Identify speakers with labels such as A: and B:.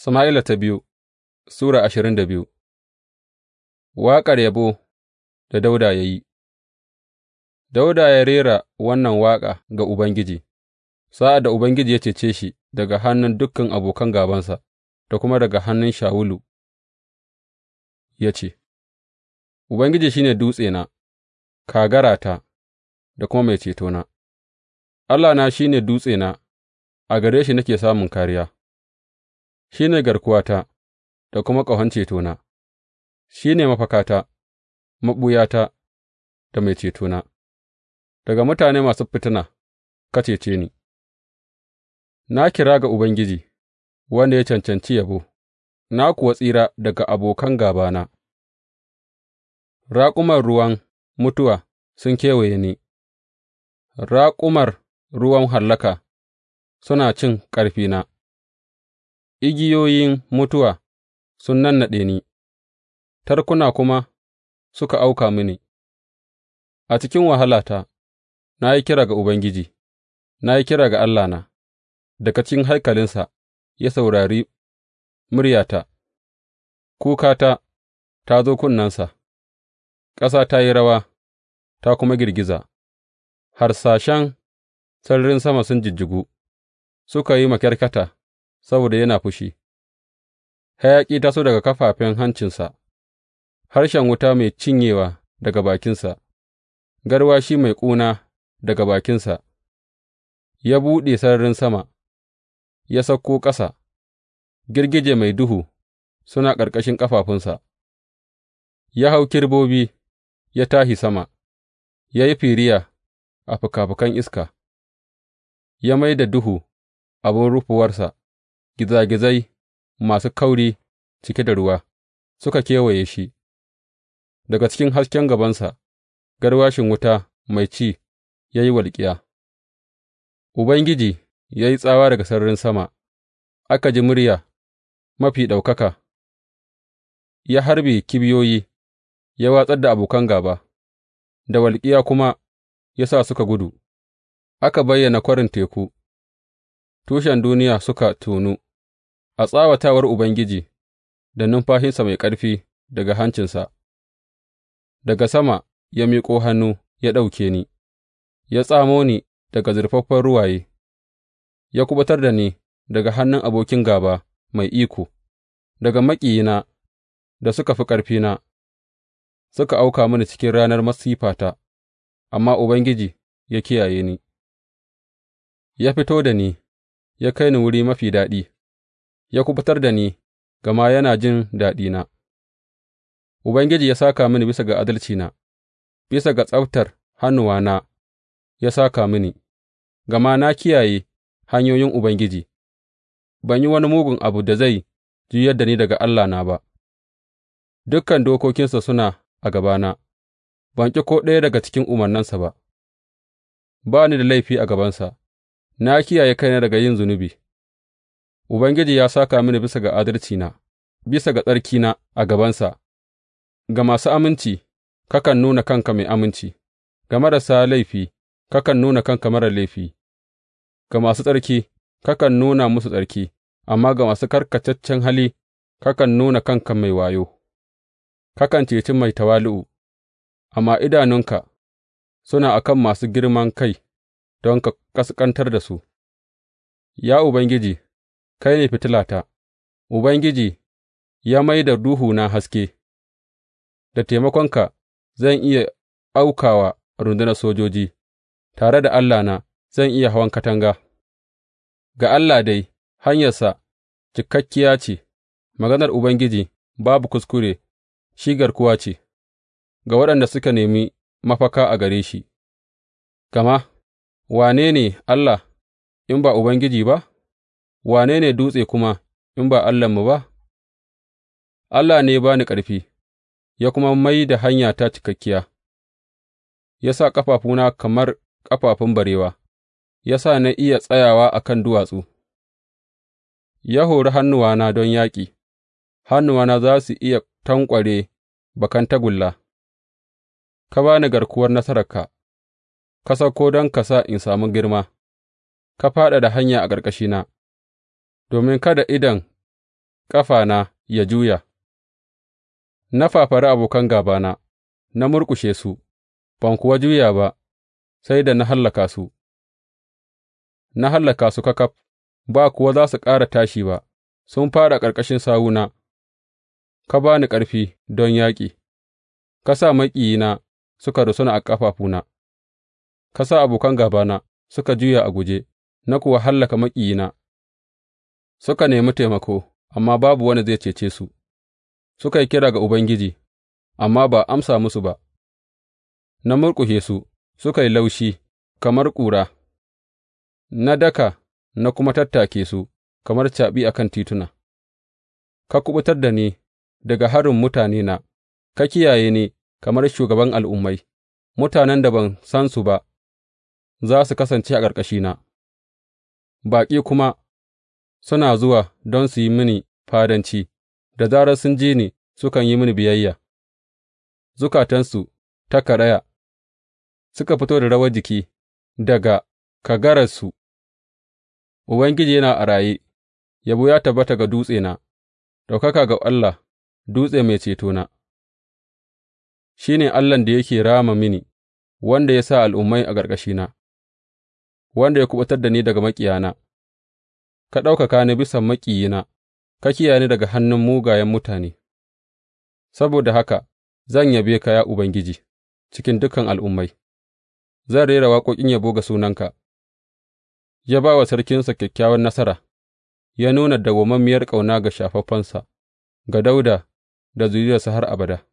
A: Sama'ila ta biyu Sura ashirin da biyu Waƙar yabo da Dauda ya yi Dauda ya rera wannan waƙa ga Ubangiji, sa'ad da Ubangiji ya cece shi daga hannun dukan abokan gabansa da kuma daga hannun Shawulu, ya ce, Ubangiji shi ne dutsena, kagarata da kuma mai cetona, Allahna shi ne dutsena, a gare shi nake samun kariya. shi ne garkuwata da kuma ƙahon cetona, shi ne mafakata, maɓuyata da mai cetona, daga mutane masu fitina ka cece ni, na kira ga Ubangiji, wanda ya cancanci yabo, na kuwa tsira daga abokan gābana. Raƙumar ruwan mutuwa sun kewaye ni, raƙumar ruwan hallaka suna cin ƙarfina. Igiyoyin mutuwa sun nannaɗe ni, tarkuna kuma suka auka mini; a cikin wahalata na yi kira ga Ubangiji, na yi kira ga Allahna, daga cikin haikalinsa ya saurari muryata; kukata ta zo kunnensa, ƙasa ta yi rawa ta kuma girgiza, harsashen sararin sama sun jijjigu, suka yi makyarkyata. saboda yana fushi, hayaƙi ta so daga kafafen hancinsa, harshen wuta mai cinyewa daga bakinsa, garwashi mai ƙuna daga bakinsa, ya buɗe sararin sama, ya sauko ƙasa, girgije mai duhu suna ƙarƙashin ƙafafunsa, ya hau kirbobi, ya tahi sama, ya yi firiya a fikafikan iska, ya mai da duhu abin rufuwarsa. gizagizai masu kauri cike da ruwa suka kewaye shi, daga cikin hasken gabansa garwashin wuta mai ci ya yi walƙiya. Ubangiji ya yi tsawa daga sararin sama, aka ji murya mafi ɗaukaka, ya harbe kibiyoyi, ya watsar da abokan gaba, da walƙiya kuma ya sa suka gudu, aka bayyana kwarin teku, tushen duniya suka tunu. a tsawatawar Ubangiji da numfashinsa mai ƙarfi daga hancinsa, daga sama ya miƙo hannu ya ɗauke ni, ya tsamo ni daga zurfaffen ruwaye, ya kubatar da ni daga hannun abokin gaba mai iko, daga maƙiyina da suka fi ƙarfina, suka auka mini cikin ranar masifata, amma Ubangiji ya kiyaye ni, ya fito da ni, ya kai ni wuri mafi daɗi. ya kuɓutar da ni, gama yana jin daɗina. Ubangiji ya sāka mini bisa ga adalcina, bisa ga tsabtar hannuwana ya sāka mini, gama na kiyaye hanyoyin Ubangiji, ban yi wani mugun abu da zai juyar da ni daga Allahna ba, Dukkan dokokinsa suna a gabana, ban ƙi ko ɗaya daga cikin umarnansa ba, ba ni da laifi a gabansa, na kiyaye kaina daga yin zunubi. Ubangiji ya sāka mini bisa ga adalcina, bisa ga tsarkina a gabansa, ga masu aminci kakan nuna kanka mai aminci, ga marasa laifi kakan nuna kanka marar laifi, ga masu tsarki kakan nuna musu tsarki, amma ga masu karkataccen hali kakan nuna kanka mai wayo, kakan ceci mai tawali'u, amma idanunka suna a kan masu girman kai don ka ƙasƙantar da su. Ya Ubangiji, kai ne fitilata, Ubangiji ya mai da duhuna haske, da taimakonka zan iya auka wa rundunar sojoji, tare da Allahna zan iya hawan katanga. Ga Allah dai, hanyarsa cikakkiya ce, maganar Ubangiji babu kuskure, shi garkuwa ce, ga waɗanda suka nemi mafaka a gare shi, gama wane ne Allah in ba Ubangiji ba? Wane ne dutse kuma in ba Allahnmu ba? Allah ne ya ba ni ƙarfi, ya kuma mai da hanyata cikakkiya; ya sa ƙafafuna kamar ƙafafun barewa, ya sa na iya tsayawa a kan duwatsu; ya hori hannuwana don yaƙi, hannuwana za su iya tanƙware bakan tagulla; ka ba ni garkuwar nasararka, ka sauko don ka sa in sami girma, ka fadada hanya a ƙarƙashina. domin kada idon ƙafana ya juya, na fafari abokan gābana, na murƙushe su, ban kuwa juya ba sai da na hallaka su, na hallaka su kakaf, ba kuwa za su ƙara tashi ba, sun fara ƙarƙashin sawuna, ka ba ni ƙarfi don yaƙi, ka sa maƙiyina suka rusuna a ƙafafuna, ka sa abokan gābana suka juya a guje, na kuwa hallaka maƙiyina. Suka nemi taimako, amma babu wanda zai cece su, suka yi kira ga Ubangiji, amma ba amsa musu ba, na murƙushe su, suka yi laushi kamar ƙura, na daka na kuma tattake su kamar caɓi a kan tituna, ka kuɓutar da ni daga harin mutanena, ka kiyaye ni kamar shugaban al'ummai, mutanen da ban san su ba za su kasance a ƙarƙashina, baƙi kuma suna zuwa don su yi mini fadanci, da zarar sun ji ni sukan yi mini biyayya, zukatansu ta karaya, suka fito da rawar jiki daga kagararsu, Ubangiji yana a raye, yabo ya tabbata ga dutsena, ɗaukaka ga Allah, dutse mai cetona, shi ne Allahn da yake rama mini, wanda ya sa al'ummai a ƙarƙashina, wanda ya kubutar da ni daga maƙiyana. ka ɗaukaka ni bisa maƙiyina, ka kiyaye ni daga hannun mugayen mutane, saboda haka zan yabe ka, ya Ubangiji, cikin dukan al'ummai, zan rera waƙoƙin yabo ga sunanka, ya ba wa sarkinsa kyakkyawan nasara, ya nuna dawwammamiyar ƙauna ga shafaffensa, ga Dawuda da zuriyarsa har abada.